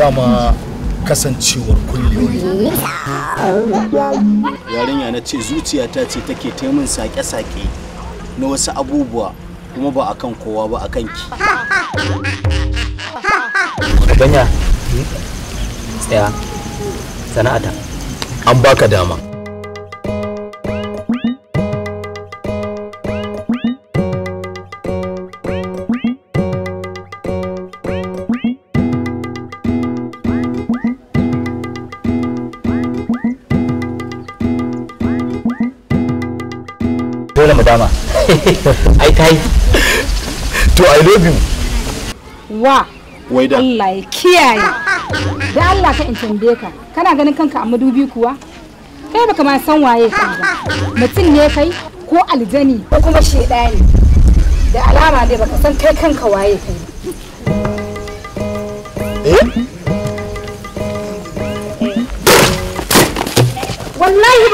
dama kasancewar kullum. yarinya na ce zuciyata ce take taimun sake-sake na wasu abubuwa kuma ba akan kowa ba akan ki ganya tsaya sana'ata an baka dama dole mu dama ai kai to i love you wa wai da Allah ya kiyaye da Allah ka in ka kana ganin kanka a madubi kuwa kai baka ma san waye ka ba mutum ne kai ko aljani ko kuma shedani da alama dai baka san kai kanka waye kai eh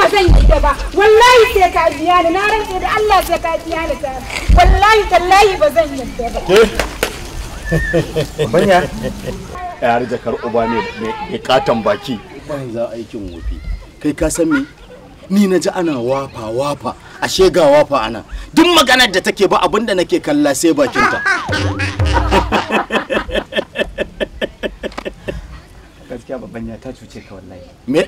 ba zan yi da ba wallahi sai ka biya ni na rantse da Allah sai ka biya ni ta wallahi tallahi ba zan yi da ba banya yar jakar uba ne mai katon baki banza aikin wofi kai ka san me ni na ji ana wafa wafa ashe ga wafa ana duk maganar da take ba abinda nake kalla sai bakinta gaskiya babban ya ta cuce ka wallahi me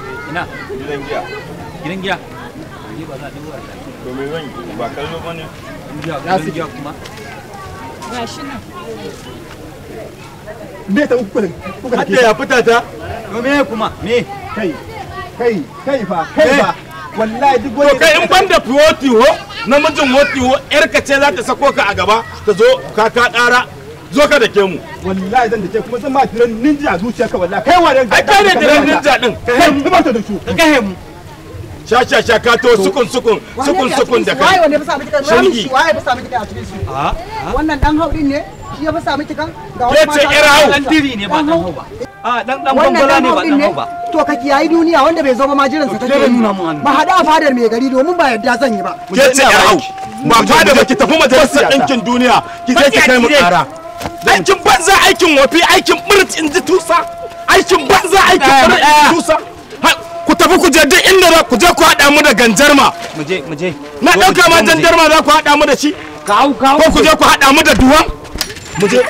ina gidan giya gidan giya ni ba za to me zan yi ba kallo ba ne gidan giya kuma ga shi nan me ta uku hadda ya fita ta to me kuma me kai kai kai fa kai fa wallahi duk wani kai in banda fiwoti ho namijin woti ho yarka ce za ta sako ka a gaba ta zo kaka ka zo ka ke mu wallahi zan da ke kuma zan ma tiran ninja zuciya ka wallahi kai wane ai kai ne tiran ninja din kai ba ta da su kai mu sha sha sha ka to sukun sukun sukun sukun da kai wai fa samu kika wai fa miki kika a cikin su a ah, ah. wannan dan haudin ne shi ya fa miki kan ga wannan ce kira hau dan diri ne ba dan hau ba a ah, dan dan ne ba dan hau ba to ka duniya wanda bai zo ba sa take nuna mu hannu ba hada a fadar mai gari domin ba yadda zan yi ba ke ce kira hau ba fadar ki tafi majalisar ɗinkin duniya ki sai ki kai mu ƙara aikin banza aikin wafi aikin birt in ji tusa aikin banza aikin birt in ji tusa ku tafi ku je duk inda ku je ku haɗa mu da ganjarma mu je mu je na ɗauka ma ganjarma za ku haɗa mu da shi ka ka ko ku je ku haɗa mu da duwan mu je